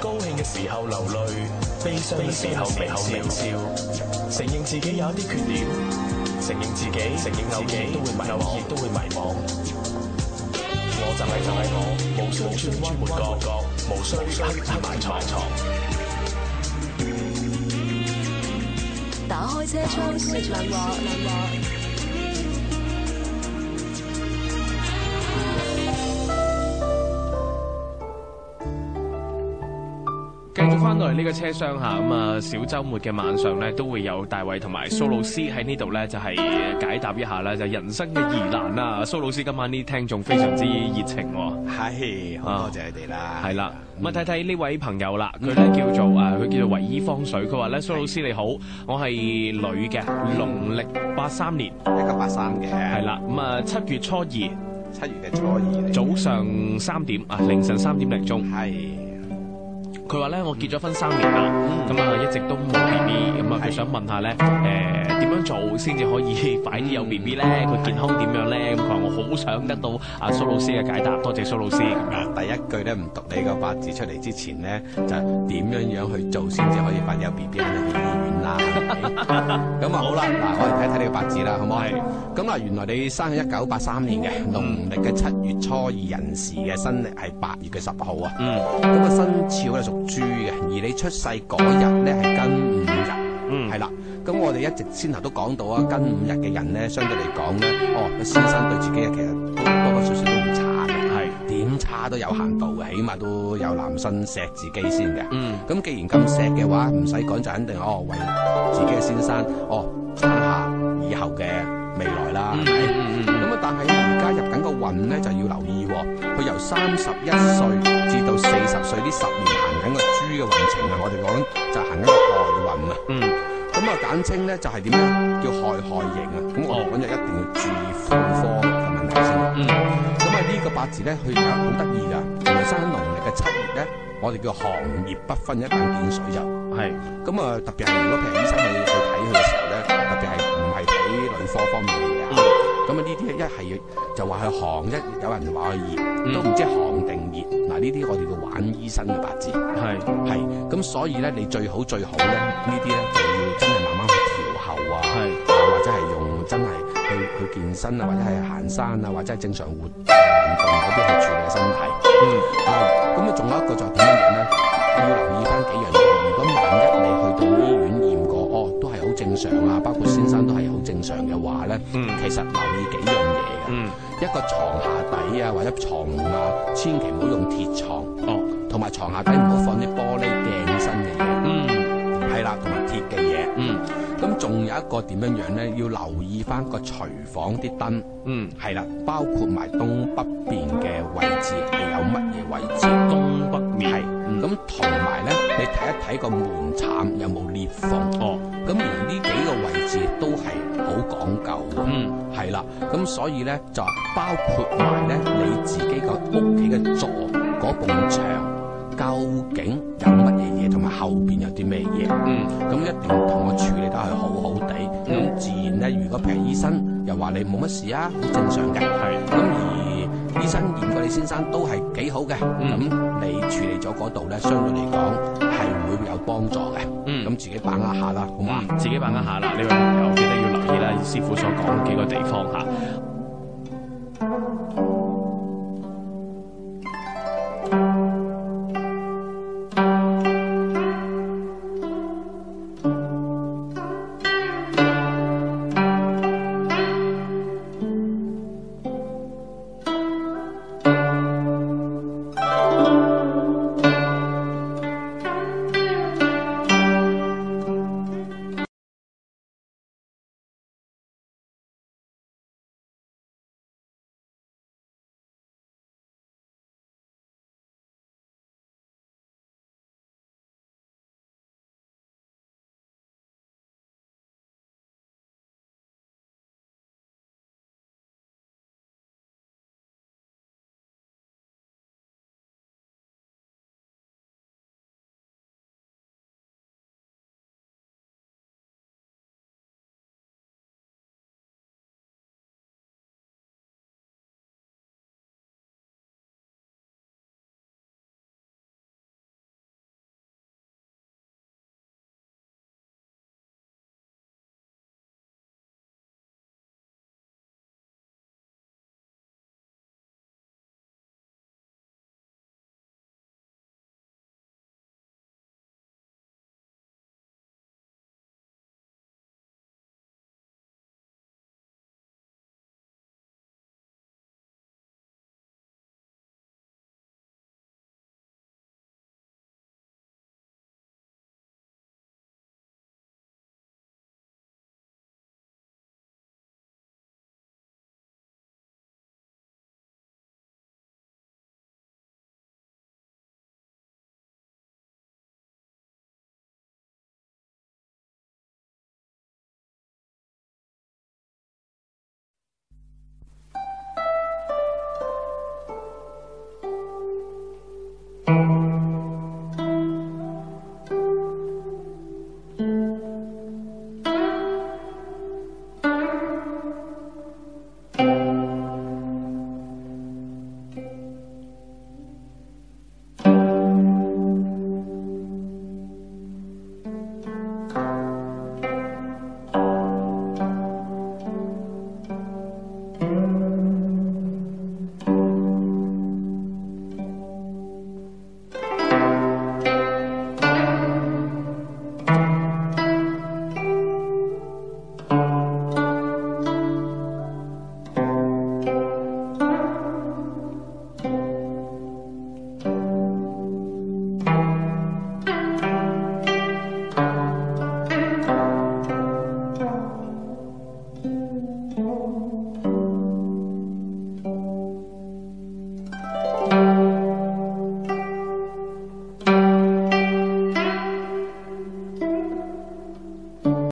高興嘅時候流淚，悲傷嘅時候微後微笑。承認自己有一啲缺點，承認自己，承認自己都會迷茫，亦都會迷茫。我就係就係我，無須鑽進鑽進角角，無須埋埋藏藏。打開車窗，繼續翻到嚟呢個車廂吓，咁、嗯、啊、嗯嗯、小周末嘅晚上咧都會有大衛同埋蘇老師喺呢度咧，就係、是、解答一下啦，就是、人生嘅疑難啦。蘇老師今晚啲聽眾非常之熱情，係、啊，好多謝你哋啦。係、啊、啦，咁啊睇睇呢位朋友啦，佢咧、嗯、叫做啊，佢叫做維伊方水。佢話咧，蘇老師你好，我係女嘅，農曆八三年，一九八三嘅，係啦。咁、嗯、啊七月初二，嗯、七月嘅初二，嗯、早上三點啊，凌晨三點零鐘，係是。佢話咧：我結咗婚三年啦，咁啊、嗯、一直都冇 B B，咁啊佢想問下咧，誒點的、呃、樣做先至可以快啲有 B B 咧？佢、嗯、健康點樣咧？咁佢話我好想得到阿、啊、蘇老師嘅解答，多謝蘇老師。咁第一句咧，唔讀你個八字出嚟之前咧，就點、係、樣樣去做先至可以快啲有 B B？喺去醫院啦。咁啊 好啦，嗱，我哋睇睇你嘅八字啦，好唔好？咁啊，原來你生喺一九八三年嘅農曆嘅七月初二人士嘅，新歷係八月嘅十號啊。嗯，咁啊，生肖咧屬豬嘅，而你出世嗰日咧係庚午日。嗯，係啦，咁我哋一直先頭都講到啊，庚午日嘅人咧，caller, 相對嚟講咧，哦，個先生對自己啊，其實多多少少都唔差嘅。Audio 差都有限度，起碼都有男生錫自己先嘅。咁、嗯、既然咁錫嘅話，唔使講就肯定哦，為自己嘅先生哦，撐下以後嘅未來啦，係咪？咁啊，但係而家入緊個運咧，就要留意、哦，佢由三十一歲至到四十歲呢十年行緊個豬嘅運程、嗯、運啊，我哋講就行緊個亥運啊。咁啊，簡稱咧就係點咧？叫亥亥型啊。咁我今就一定要注意婦科。八字咧，佢而家好得意噶同埋生喺農曆嘅七月咧，我哋叫寒熱不分一等見水就係，咁啊是、嗯、特別係如果譬如醫生你去睇佢嘅時候咧，特別係唔係睇女科方面嘅嘢，啊、嗯。咁啊呢啲一係就話佢寒，一就有人話佢熱，嗯、都唔知寒定熱，嗱呢啲我哋叫玩醫生嘅八字係係，咁是所以咧你最好最好咧呢啲咧就要真係慢慢去調候啊，或者係用真係去去健身啊，或者係行山啊，或者係正常活。有啲去處理身體，嗯，哦，咁你仲有一個就點樣咧？要留意翻幾樣嘢。如果萬一你去到醫院驗過，哦，都係好正常啊，包括先生都係好正常嘅話咧，嗯，其實留意幾樣嘢嘅，嗯，一個床下底啊或者床啊，千祈唔好用鐵床，哦，同埋床下底唔好放啲玻璃鏡身嘅嘢，嗯。嗯仲有一個點樣樣咧，要留意翻個廚房啲燈，嗯，係啦，包括埋東北邊嘅位置係有乜嘢位置，東北面，係、嗯，咁同埋咧，你睇一睇個門檻有冇裂縫，哦，咁而呢幾個位置都係好講究，嗯，係啦，咁所以咧就包括埋咧你自己個屋企嘅座嗰埲牆。究竟有乜嘢嘢，同埋後邊有啲咩嘢？嗯，咁一定同我處理得係好好地。嗯，咁自然咧，如果譬如醫生又話你冇乜事啊，好正常嘅。係，咁而醫生驗過你先生都係幾好嘅。嗯，咁你處理咗嗰度咧，相對嚟講係會有幫助嘅。嗯，咁自己把握下啦，好嘛？自己把握下啦，呢位朋友記得要留意啦，師傅所講幾個地方吓。